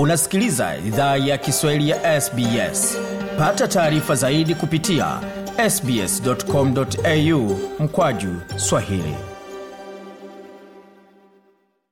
unasikiliza idhaa ya kiswahili ya sbs pata taarifa zaidi kupitia sbscomau mkwaju swahili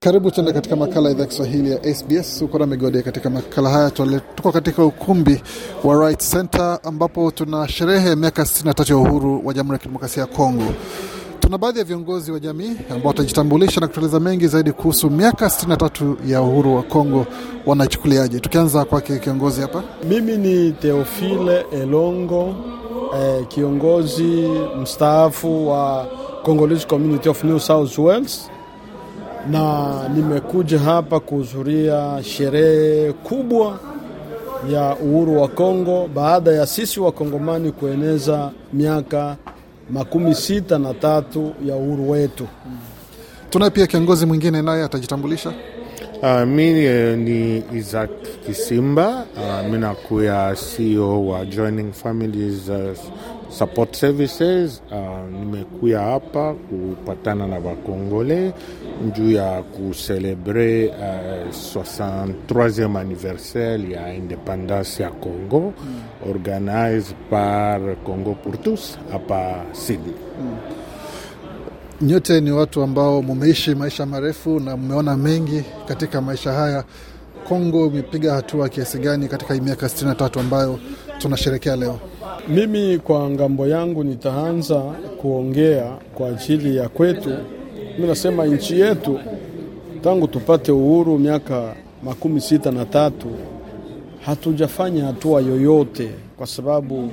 karibu tena katika makala ya idhaa kiswahili ya sbs ukona migode katika makala haya tuko katika ukumbi wa right center ambapo tuna sherehe miaka 63 ya uhuru wa jamhuri ya kidemokrasia ya kongo Tuna baadhi ya viongozi wa jamii ambao watajitambulisha na kutueleza mengi zaidi kuhusu miaka 63 ya uhuru wa Kongo wanachukuliaje, tukianza kwake kiongozi hapa. Mimi ni Theophile Elongo eh, kiongozi mstaafu wa Congolese Community of New South Wales, na nimekuja hapa kuhudhuria sherehe kubwa ya uhuru wa Kongo baada ya sisi wakongomani kueneza miaka makumi sita na tatu ya uhuru wetu. Tunaye pia kiongozi mwingine naye atajitambulisha. Uh, mi eh, ni Isaac Kisimba. Uh, mi nakuya CEO wa Joining Families uh, Support Services. Uh, nimekuya hapa kupatana na Wakongole juu ya kuselebre uh, 63e anniversaire ya independance ya Congo mm. organize par Congo pour tous hapa Sydney mm. Nyote ni watu ambao mumeishi maisha marefu na mmeona mengi katika maisha haya. Kongo imepiga hatua kiasi gani katika miaka 63 ambayo tunasherekea leo? Mimi kwa ngambo yangu nitaanza kuongea kwa ajili ya kwetu mimi nasema nchi yetu tangu tupate uhuru miaka makumi sita na tatu hatujafanya hatua yoyote, kwa sababu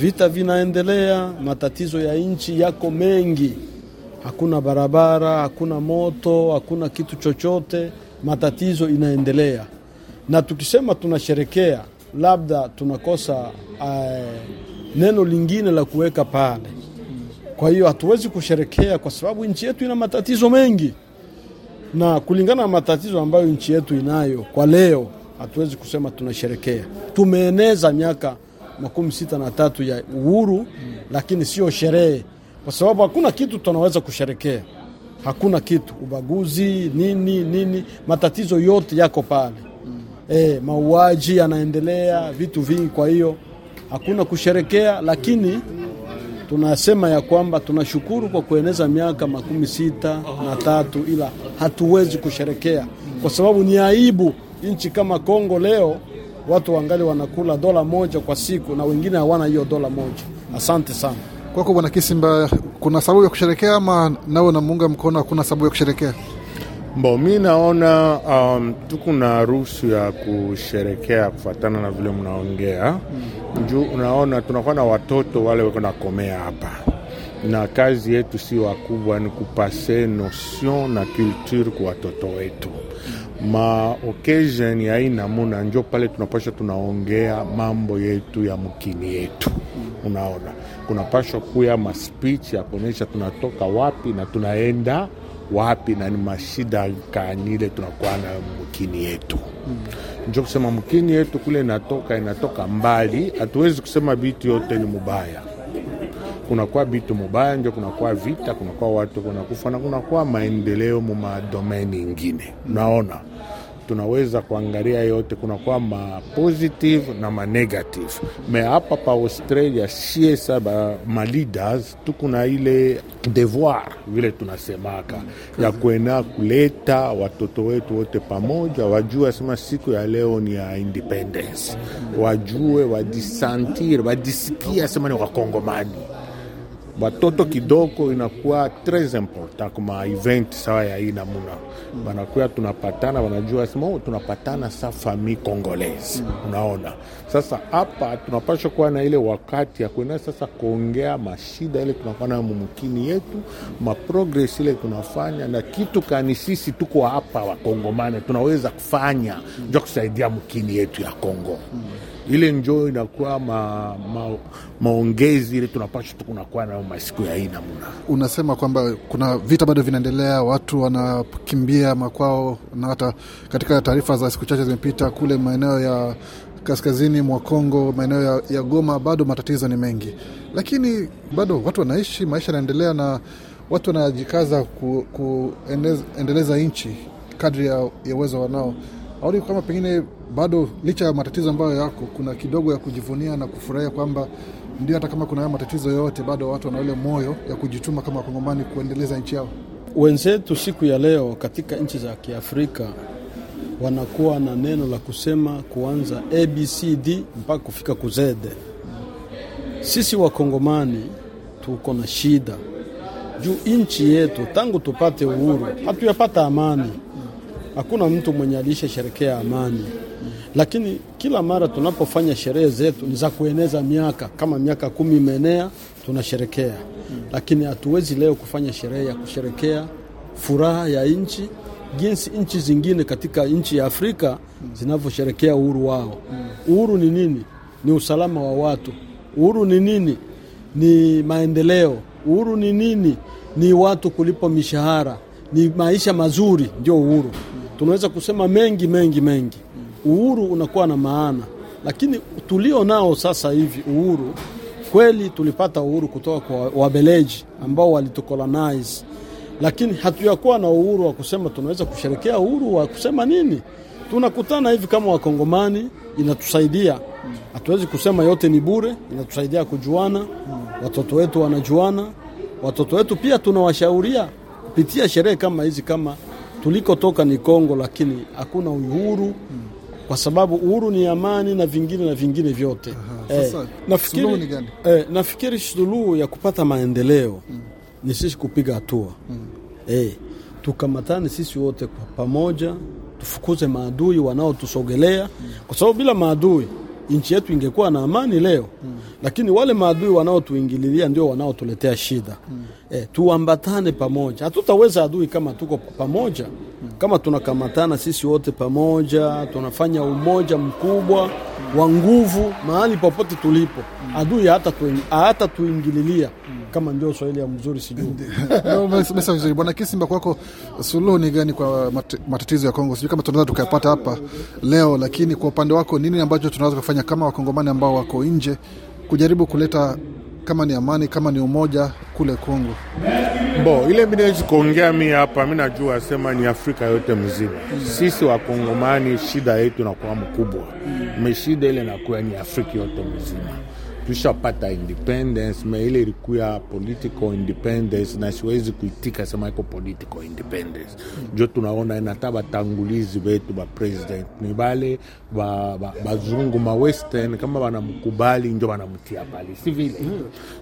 vita vinaendelea, matatizo ya nchi yako mengi, hakuna barabara, hakuna moto, hakuna kitu chochote, matatizo inaendelea. Na tukisema tunasherekea, labda tunakosa uh, neno lingine la kuweka pale kwa hiyo hatuwezi kusherekea kwa sababu nchi yetu ina matatizo mengi, na kulingana na matatizo ambayo nchi yetu inayo kwa leo, hatuwezi kusema tunasherekea. Tumeeneza miaka makumi sita na tatu ya uhuru hmm, lakini sio sherehe, kwa sababu hakuna kitu tunaweza kusherekea, hakuna kitu. Ubaguzi nini nini, matatizo yote yako pale hmm. E, mauaji yanaendelea, vitu vingi. Kwa hiyo hakuna kusherekea, lakini tunasema ya kwamba tunashukuru kwa kueneza miaka makumi sita na tatu, ila hatuwezi kusherekea kwa sababu ni aibu. Nchi kama Kongo leo watu wangali wanakula dola moja kwa siku na wengine hawana hiyo dola moja. Asante sana kwako Bwana Kisimba. Kuna sababu ya kusherekea ama nawe unamuunga mkono? Hakuna sababu ya kusherekea. Bo, mi naona um, tuko na ruhusu ya kusherekea kufatana na vile mnaongea mm. Juu unaona tunakuwa na watoto wale wako komea hapa, na kazi yetu si wakubwa, ni kupase notion na culture kwa watoto wetu hmm. ma occasion ya hii namuna, njo pale tunapasha tunaongea mambo yetu ya mkini yetu. Hmm. Unaona kunapashwa kuya ma speech ya kuonyesha tunatoka wapi na tunaenda wapi na ni mashida kaanile tunakuwa na mkini yetu mm. Njo kusema mkini yetu kule inatoka inatoka mbali, hatuwezi kusema bitu yote ni mubaya. Kunakuwa bitu mubaya, njo kunakuwa vita, kunakuwa watu kunakufa na kunakuwa maendeleo mumadomeni ingine, naona mm tunaweza kuangalia yote, kunakuwa ma positive na ma negative. Me hapa pa Australia sie saba ma leaders na ile devoir vile tunasemaka ya kuena kuleta watoto wetu wote pamoja, wajue asema siku ya leo ni ya independence, wajue wadisantir, wadisikia asema ni Wakongomani batoto kidogo inakuwa tres important kuma event sawa ya hii namuna mm. Banakuya tunapatana, wanajua sema oh, tunapatana sa fami Congolese mm. Unaona, sasa hapa tunapasha kuwa na ile wakati ya kuenda sasa kuongea mashida ile tunakuwa nayo mumkini yetu, maprogres ile tunafanya na kitu kani, sisi tuko hapa wakongomane tunaweza kufanya mm. jua kusaidia mkini yetu ya Kongo mm ile njo inakuwa ma, ma, maongezi ile tunapasha tukunakuwa nayo masiku ya aina muna. Unasema kwamba kuna vita bado vinaendelea, watu wanakimbia makwao, na hata katika taarifa za siku chache zimepita kule maeneo ya kaskazini mwa Kongo, maeneo ya, ya Goma, bado matatizo ni mengi, lakini bado watu wanaishi, maisha yanaendelea na watu wanajikaza kuendeleza ku, nchi kadri ya uwezo wanao aoni kama pengine bado licha ya matatizo ambayo yako, kuna kidogo ya kujivunia na kufurahia kwamba ndio, hata kama kuna haya matatizo yote, bado watu wana ile moyo ya kujituma kama Wakongomani kuendeleza nchi yao. Wenzetu siku ya leo katika nchi za Kiafrika wanakuwa na neno la kusema kuanza abcd mpaka kufika kuzede. Sisi Wakongomani tuko na shida juu nchi yetu tangu tupate uhuru hatuyapata amani Hakuna mtu mwenye alishasherekea sherekea amani, lakini kila mara tunapofanya sherehe zetu ni za kueneza miaka, kama miaka kumi imeenea tunasherekea, lakini hatuwezi leo kufanya sherehe ya kusherekea furaha ya nchi jinsi nchi zingine katika nchi ya Afrika zinavyosherekea uhuru wao. Uhuru ni nini? Ni usalama wa watu. Uhuru ni nini? Ni maendeleo. Uhuru ni nini? Ni watu kulipo mishahara, ni maisha mazuri, ndio uhuru tunaweza kusema mengi mengi mengi. Uhuru unakuwa na maana, lakini tulio nao sasa hivi uhuru kweli, tulipata uhuru kutoka kwa Wabeleji ambao walitukolonize, lakini hatujakuwa na uhuru wa kusema tunaweza kusherekea uhuru wa kusema nini. Tunakutana hivi kama Wakongomani, inatusaidia hatuwezi kusema yote ni bure, inatusaidia kujuana. Watoto wetu wanajuana, watoto wetu pia tunawashauria kupitia sherehe kama hizi, kama tulikotoka ni Kongo, lakini hakuna uhuru Kwa sababu uhuru ni amani na vingine na vingine vyote. Aha, eh, sasa, eh, nafikiri, ni gani? Eh, nafikiri suluhu ya kupata maendeleo mm. ni sisi kupiga hatua mm. eh, tukamatane sisi wote kwa pamoja tufukuze maadui wanaotusogelea mm. kwa sababu bila maadui nchi yetu ingekuwa na amani leo mm. Lakini wale maadui wanaotuingililia ndio wanaotuletea shida mm. E, tuambatane pamoja. Hatutaweza adui kama tuko pamoja. Kama tunakamatana sisi wote pamoja, tunafanya umoja mkubwa wa nguvu mahali popote tulipo, adui hata hata tuingililia kama ndio Swahili ya mzuri sijui. vizuri bwana Kisimba, kwako suluhu ni gani kwa matatizo ya Kongo? Sijui kama tunaweza tukayapata hapa leo, lakini kwa upande wako nini ambacho tunaweza kufanya kama wakongomani ambao wako nje kujaribu kuleta kama ni amani, kama ni umoja kule Kongo. Bo ile minawezi kuongea mi hapa, mi najua sema ni Afrika yote mzima mm. Sisi Wakongomani shida yetu nakuwa mkubwa mm. Meshida ile nakuwa ni Afrika yote mzima tushapata independence, ma ile ilikuya political independence, na siwezi kuitika sema iko political independence njo tunaona nata batangulizi wetu ba president ni bale bazungu ba, ba ma western kama banamkubali njo banamtia pale, si vile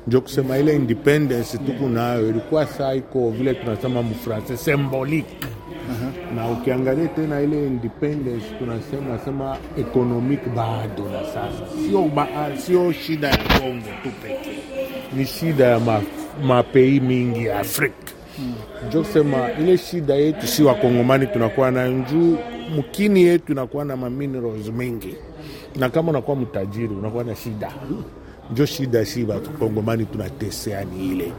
njo kusema ile independence tuku nayo ilikuwa saa iko vile tunasema mfransa symbolique na ukiangalia tena ile independence tunasema nasema economic bado na sasa sio, ba, sio shida ya Kongo tu pekee, ni shida ya ma, mapei mingi ya Afrika hmm. Njo kusema ile shida yetu si wakongomani tunakuwa na njuu mkini yetu inakuwa na maminerals mingi, na kama unakuwa mtajiri unakuwa na shida njo shida, si Wakongomani tunatesea ni ile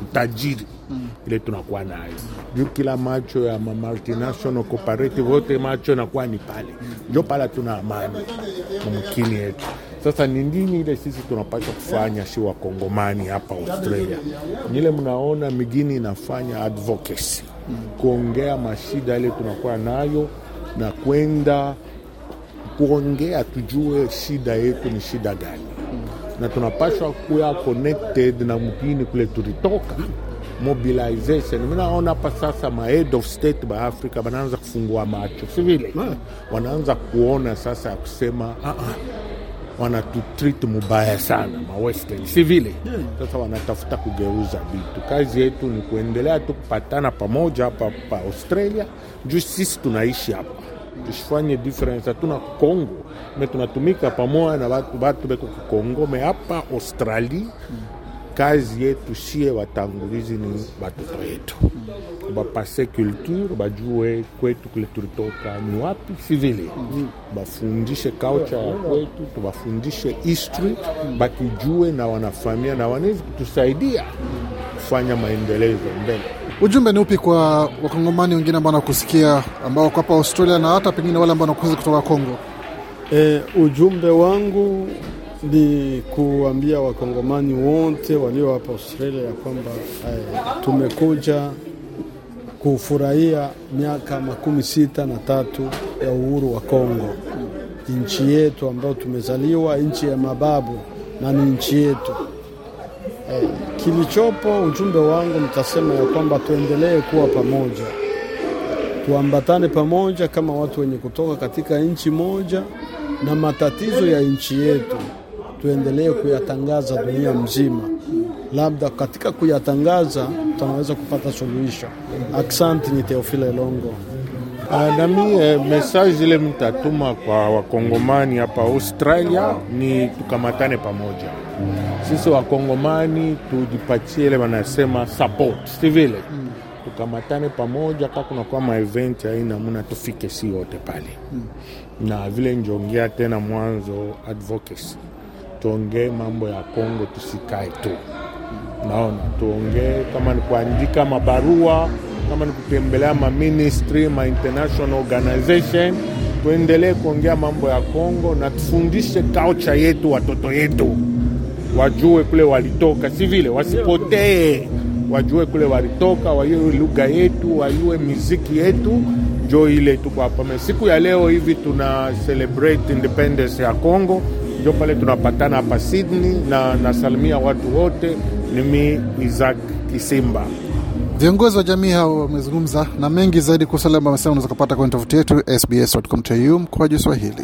mm. ile tunakuwa nayo juu kila macho ya multinational cooperative wote macho nakuwa ni pale, njo pala tuna amani mumkini yetu. Sasa ni nini ile sisi tunapasha kufanya, si wakongomani hapa Australia? Nile mnaona migini inafanya advocacy mm. kuongea mashida ile tunakuwa nayo na kwenda kuongea, tujue shida yetu ni shida gani na tunapashwa kuya connected na mgini kule tulitoka mobilization. Minaona hapa sasa ma head of state ba Afrika wanaanza kufungua macho, si vile eh. wanaanza kuona sasa ya kusema ah -ah, wanatutreat mubaya sana ma western, si vile eh. sasa wanatafuta kugeuza vitu. Kazi yetu ni kuendelea tu kupatana pamoja hapa pa Australia juu sisi tunaishi hapa tusifanye difference, hatuna Kongo me tunatumika pamoja na batu, batu beko kukongo me hapa Australia Kazi yetu sie watangulizi ni batoto yetu mm. bapase culture bajue kwetu kule toka ni wapi sivile mm. bafundishe culture ya kwetu, tubafundishe history mm. bakijue na wanafamia na wanezi kutusaidia kufanya maendelezo mbele. Ujumbe ni upi kwa wakongomani wengine ambao wanakusikia ambao wako hapa Australia na hata pengine wale ambao wanakuza kutoka Kongo? E, ujumbe wangu ni kuambia wakongomani wote walio hapa Australia ya kwamba e, tumekuja kufurahia miaka makumi sita na tatu ya uhuru wa Kongo, nchi yetu ambayo tumezaliwa, nchi ya mababu na ni nchi yetu Eh, kilichopo ujumbe wangu nitasema ya kwamba tuendelee kuwa pamoja, tuambatane pamoja kama watu wenye kutoka katika nchi moja, na matatizo ya nchi yetu tuendelee kuyatangaza dunia mzima. Labda katika kuyatangaza tunaweza kupata suluhisho. Aksanti, ni Teofile Longo. Ah, Nami eh, mesaji ile mtatuma kwa wakongomani hapa Australia ni tukamatane pamoja sisi wakongomani tujipatie ile wanasema support, si vile mm. tukamatane pamoja, kama kunakuwa maevent ya hii namna tufike si yote pale mm. na vile njongea tena mwanzo advocacy, tuongee mambo ya Kongo, tusikae tu naona tuongee, kama ni kuandika mabarua, kama ni kutembelea ma ministry ma international organization tuendelee kuongea mambo ya Kongo na tufundishe culture yetu watoto yetu wajue kule walitoka, si vile wasipotee, wajue kule walitoka, wajue lugha yetu, wajue miziki yetu. Njo ile tuko hapa siku ya leo hivi tuna celebrate independence ya Congo, njo pale tunapatana hapa Sydney, na nasalimia watu wote. Nimi Isaac Kisimba. Viongozi wa jamii hao wamezungumza na mengi zaidi kuhusu yale ambayo unaweza kupata kwenye tovuti yetu sbs.com.au mkoaju Swahili.